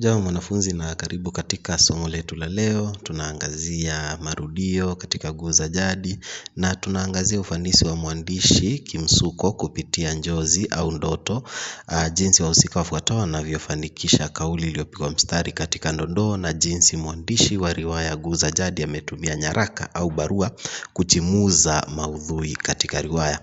Jambo mwanafunzi na karibu katika somo letu la leo, tunaangazia marudio katika nguu za jadi na tunaangazia ufanisi wa mwandishi kimsuko kupitia njozi au ndoto, jinsi wahusika wafuatao wanavyofanikisha kauli iliyopigwa mstari katika dondoo na jinsi mwandishi wa riwaya nguu za jadi ametumia nyaraka au barua kuchimuza maudhui katika riwaya.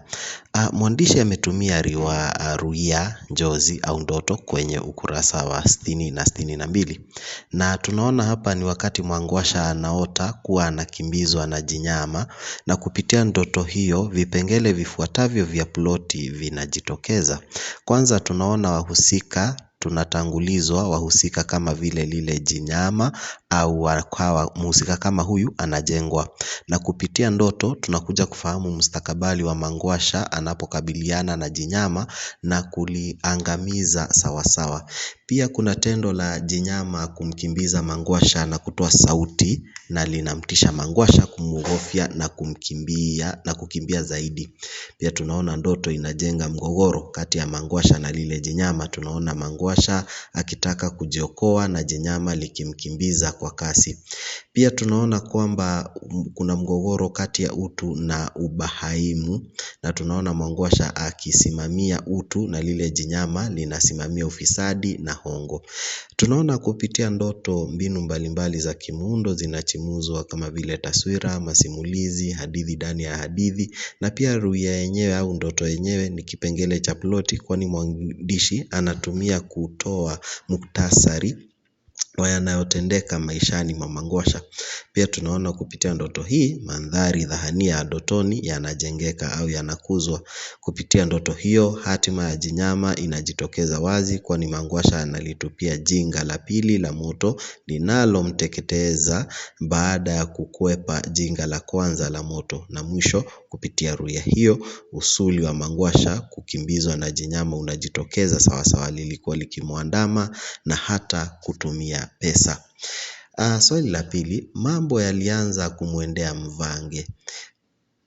Mwandishi ametumia riwaya, ruia, njozi au ndoto kwenye ukurasa wa sitini na sitini ishirini na mbili na tunaona hapa ni wakati Mwangwasha anaota kuwa anakimbizwa na Jinyama na kupitia ndoto hiyo vipengele vifuatavyo vya ploti vinajitokeza. Kwanza tunaona wahusika tunatangulizwa wahusika kama vile lile Jinyama au wakawa mhusika kama huyu anajengwa. Na kupitia ndoto tunakuja kufahamu mustakabali wa Mangwasha anapokabiliana na Jinyama na kuliangamiza sawasawa. Pia kuna tendo la Jinyama kumkimbiza Mangwasha na kutoa sauti na linamtisha Mangwasha kumuogofya na kumkimbia na kukimbia zaidi. Pia tunaona ndoto inajenga mgogoro kati ya Mangwasha na lile Jinyama. Tunaona Mangwasha akitaka kujiokoa na Jinyama likimkimbiza kwa kasi. Pia tunaona kwamba kuna mgogoro kati ya utu na ubahaimu na tunaona Mangwasha akisimamia utu na lile jinyama linasimamia ufisadi na hongo. Tunaona kupitia ndoto mbinu mbalimbali za kimuundo zinachimuzwa kama vile taswira, masimulizi, hadithi ndani ya hadithi na pia ruia yenyewe au ndoto yenyewe ni kipengele cha ploti kwani mwandishi anatumia kutoa muktasari yanayotendeka maishani mwa Mangosha. Pia tunaona kupitia ndoto hii mandhari dhahania ya ndotoni yanajengeka au yanakuzwa. Kupitia ndoto hiyo hatima ya Jinyama inajitokeza wazi kwani Mangwasha analitupia jinga la pili la moto linalomteketeza baada ya kukwepa jinga la kwanza la moto na mwisho kupitia ruya hiyo usuli wa Mangwasha kukimbizwa na Jinyama unajitokeza sawasawa lilikuwa likimwandama na hata kutumia pesa. pesa. Ah, swali la pili, mambo yalianza kumwendea Mvange.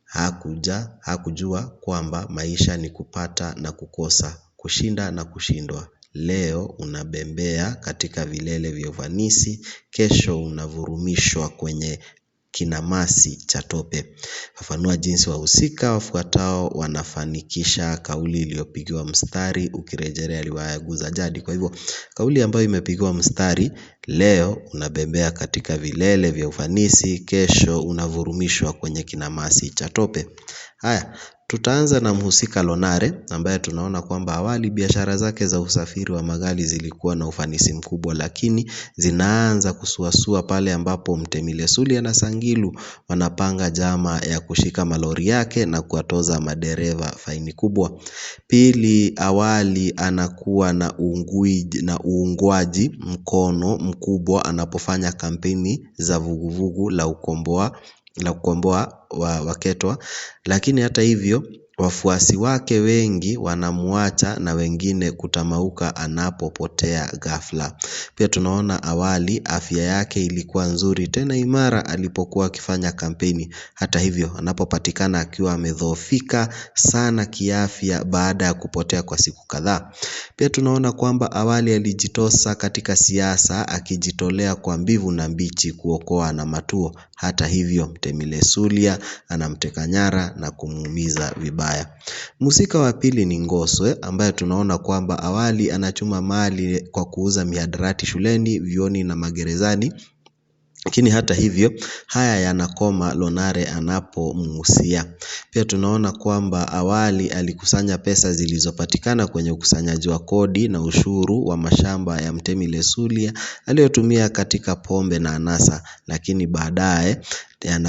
Hakuja, hakujua kwamba maisha ni kupata na kukosa, kushinda na kushindwa. Leo unabembea katika vilele vya ufanisi, kesho unavurumishwa kwenye kinamasi cha tope. Fafanua jinsi wahusika wafuatao wanafanikisha kauli iliyopigiwa mstari ukirejelea riwaya ya Guza Jadi. Kwa hivyo kauli ambayo imepigiwa mstari Leo unabembea katika vilele vya ufanisi, kesho unavurumishwa kwenye kinamasi cha tope. Haya, tutaanza na mhusika Lonare ambaye tunaona kwamba awali biashara zake za usafiri wa magari zilikuwa na ufanisi mkubwa, lakini zinaanza kusuasua pale ambapo Mtemile Lesuli na Sangilu wanapanga jama ya kushika malori yake na kuwatoza madereva faini kubwa. Pili, awali anakuwa na uungwaji mkono mkubwa anapofanya kampeni za vuguvugu la ukomboa la kukomboa waketwa lakini hata hivyo Wafuasi wake wengi wanamuacha na wengine kutamauka anapopotea ghafla. Pia tunaona awali afya yake ilikuwa nzuri tena imara alipokuwa akifanya kampeni. Hata hivyo anapopatikana akiwa amedhoofika sana kiafya baada ya kupotea kwa siku kadhaa. Pia tunaona kwamba awali alijitosa katika siasa akijitolea kwa mbivu na mbichi kuokoa na matuo. Hata hivyo Mtemile Suria anamteka nyara na kumuumiza vibaya haya. Mhusika wa pili ni Ngoswe ambaye tunaona kwamba awali anachuma mali kwa kuuza mihadarati shuleni, vyuoni na magerezani. Lakini hata hivyo haya yanakoma Lonare anapomhusia. Pia tunaona kwamba awali alikusanya pesa zilizopatikana kwenye ukusanyaji wa kodi na ushuru wa mashamba ya Mtemi Lesulia aliyotumia katika pombe na anasa, lakini baadaye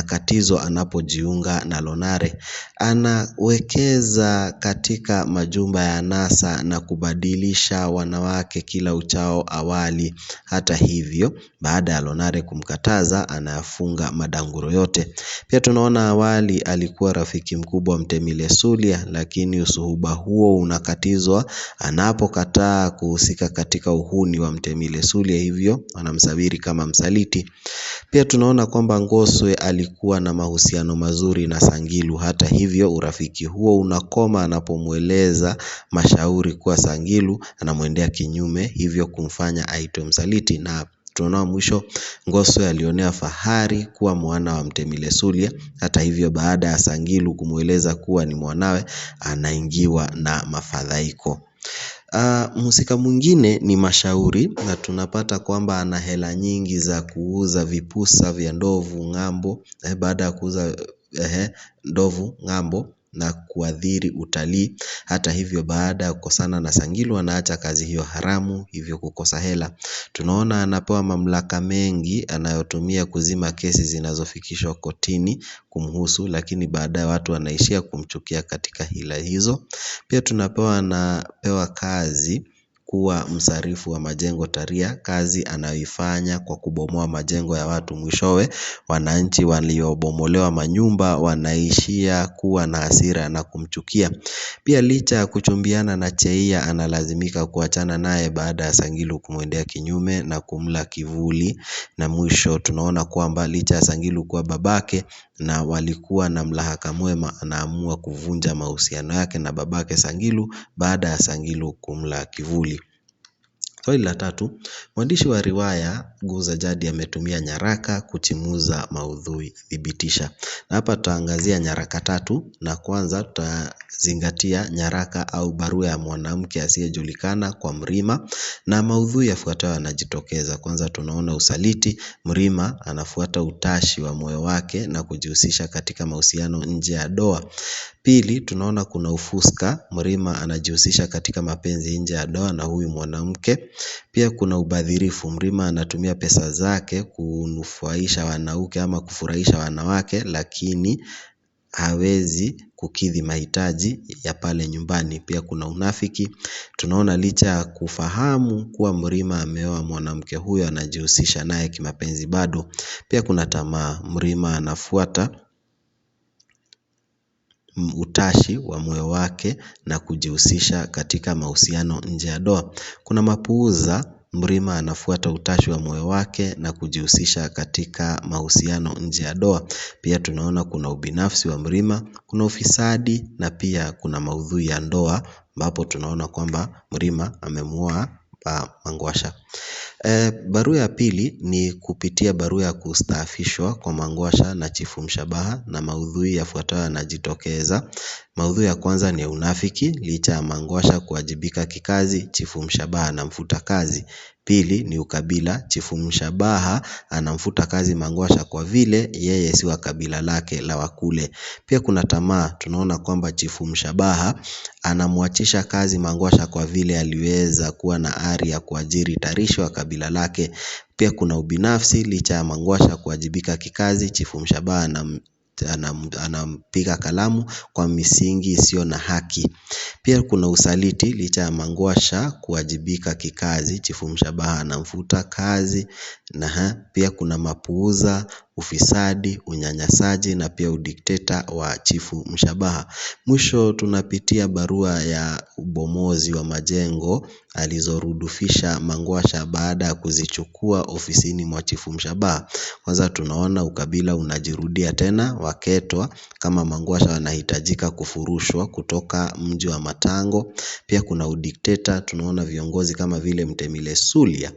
katizo anapojiunga na Lonare. Anawekeza katika majumba ya anasa na kubadilisha wanawake kila uchao awali. Hata hivyo, baada ya Lonare kumkataza, anayafunga madanguro yote. Pia tunaona awali alikuwa rafiki mkubwa wa Mtemi Lesulia, lakini usuhuba huo unakatizwa anapokataa kuhusika katika uhuni wa Mtemi Lesulia, hivyo anamsabiri kama msaliti. Pia tunaona kwamba Ngoswe alikuwa na mahusiano mazuri na Sangilu Hata hivyo urafiki huo unakoma anapomweleza Mashauri kuwa Sangilu anamwendea kinyume hivyo kumfanya aitwe msaliti na Tunaona mwisho Ngoso alionea fahari kuwa mwana wa mtemile Sulia. Hata hivyo, baada ya Sangilu kumweleza kuwa ni mwanawe, anaingiwa na mafadhaiko. Ah, mhusika mwingine ni Mashauri na tunapata kwamba ana hela nyingi za kuuza vipusa vya ndovu ng'ambo eh, baada ya kuuza eh, ndovu ng'ambo na kuathiri utalii. Hata hivyo baada ya kukosana na Sangilu anaacha kazi hiyo haramu, hivyo kukosa hela. Tunaona anapewa mamlaka mengi anayotumia kuzima kesi zinazofikishwa kotini kumhusu, lakini baadaye watu wanaishia kumchukia katika hila hizo. Pia tunapewa anapewa kazi kuwa msarifu wa majengo taria, kazi anayoifanya kwa kubomoa majengo ya watu. Mwishowe, wananchi waliobomolewa manyumba wanaishia kuwa na hasira na kumchukia. Pia licha ya kuchumbiana na Cheia analazimika kuachana naye baada ya Sangilu kumwendea kinyume na kumla kivuli. Na mwisho tunaona kwamba licha ya Sangilu kuwa babake na walikuwa na mlahaka mwema, anaamua kuvunja mahusiano yake na babake Sangilu baada ya Sangilu kumla kivuli. Swali la tatu, mwandishi wa riwaya Nguza Jadi ametumia nyaraka kuchimuza maudhui thibitisha. Na hapa tutaangazia nyaraka tatu na kwanza tutazingatia nyaraka au barua ya mwanamke asiyejulikana kwa Mrima na maudhui yafuatayo yanajitokeza. Kwanza tunaona usaliti, Mrima anafuata utashi wa moyo wake na kujihusisha katika mahusiano nje ya doa Pili, tunaona kuna ufuska, Mrima anajihusisha katika mapenzi nje ya ndoa na huyu mwanamke. Pia kuna ubadhirifu, Mrima anatumia pesa zake kunufaisha wanawake ama kufurahisha wanawake lakini hawezi kukidhi mahitaji ya pale nyumbani. Pia kuna unafiki, tunaona licha ya kufahamu kuwa Mrima ameoa mwanamke huyo anajihusisha naye kimapenzi bado. Pia kuna tamaa, Mrima anafuata utashi wa moyo wake na kujihusisha katika mahusiano nje ya ndoa. Kuna mapuuza mrima anafuata utashi wa moyo wake na kujihusisha katika mahusiano nje ya ndoa. Pia tunaona kuna ubinafsi wa mrima, kuna ufisadi na pia kuna maudhui ya ndoa ambapo tunaona kwamba mrima amemuoa ah, Mangwasha. Eh, barua ya pili ni kupitia barua ya kustaafishwa kwa Mangwasha na Chifu Mshabaha na maudhui yafuatayo yanajitokeza. Maudhui ya kwanza ni unafiki licha ya Mangwasha kuwajibika kikazi Chifu Mshabaha anamfuta kazi. Pili ni ukabila Chifu Mshabaha anamfuta kazi Mangwasha kwa vile yeye si wa kabila lake la Wakule. Pia kuna tamaa tunaona kwamba Chifu Mshabaha anamwachisha kazi Mangwasha kwa vile aliweza kuwa na ari ya kuajiri tarishi wa kabila lake. Pia kuna ubinafsi licha ya Mangwasha kuwajibika kikazi Chifu Mshabaha anam anampiga kalamu kwa misingi isiyo na haki. Pia kuna usaliti licha ya Mangwasha kuwajibika kikazi, Chifu Mshabaha anamfuta kazi na pia kuna mapuuza ufisadi, unyanyasaji na pia udikteta wa Chifu Mshabaha. Mwisho tunapitia barua ya ubomozi wa majengo alizorudufisha Mangwasha baada ya kuzichukua ofisini mwa Chifu Mshabaha. Kwanza tunaona ukabila unajirudia tena, Waketwa kama Mangwasha wanahitajika kufurushwa kutoka mji wa Matango. Pia kuna udikteta, tunaona viongozi kama vile Mtemile Sulia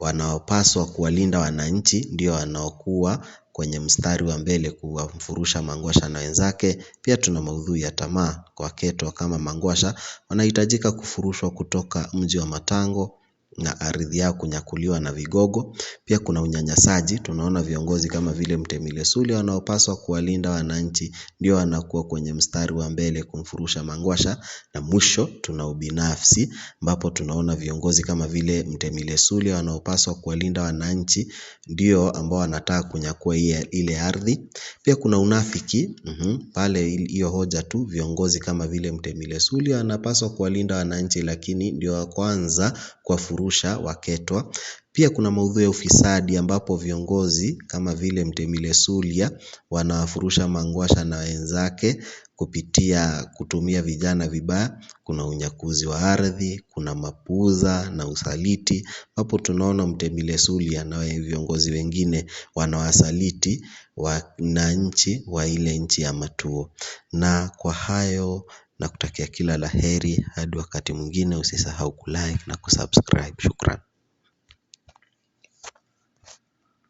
wanaopaswa kuwalinda wananchi ndio wanaokuwa kwenye mstari wa mbele kuwafurusha Mangwasha na wenzake. Pia tuna maudhui ya tamaa kwa Keto kama Mangwasha wanahitajika kufurushwa kutoka mji wa Matango na ardhi yao kunyakuliwa na vigogo. Pia kuna unyanyasaji, tunaona viongozi kama vile Mtemile Sule wanaopaswa kuwalinda wananchi ndio wanakuwa kwenye mstari wa mbele kumfurusha Mangwasha, na mwisho tuna ubinafsi ambapo tunaona viongozi kama vile Mtemile Sule wanaopaswa kuwalinda wananchi ndio ambao wanataka kunyakua ile ardhi. Pia kuna unafiki mm -hmm. pale, hiyo hoja tu viongozi kama vile Mtemile Sule wanapaswa kuwalinda wananchi, lakini ndio wa kwanza kuwafurusha waketwa. Pia kuna maudhui ya ufisadi ambapo viongozi kama vile Mtemile Sulia wanawafurusha Mangwasha na wenzake kupitia kutumia vijana vibaya. Kuna unyakuzi wa ardhi, kuna mapuza na usaliti ambapo tunaona Mtemile Sulia na viongozi wengine wanawasaliti wananchi wa ile nchi ya Matuo. Na kwa hayo na kutakia kila la heri hadi wakati mwingine usisahau kulike na kusubscribe. Shukran.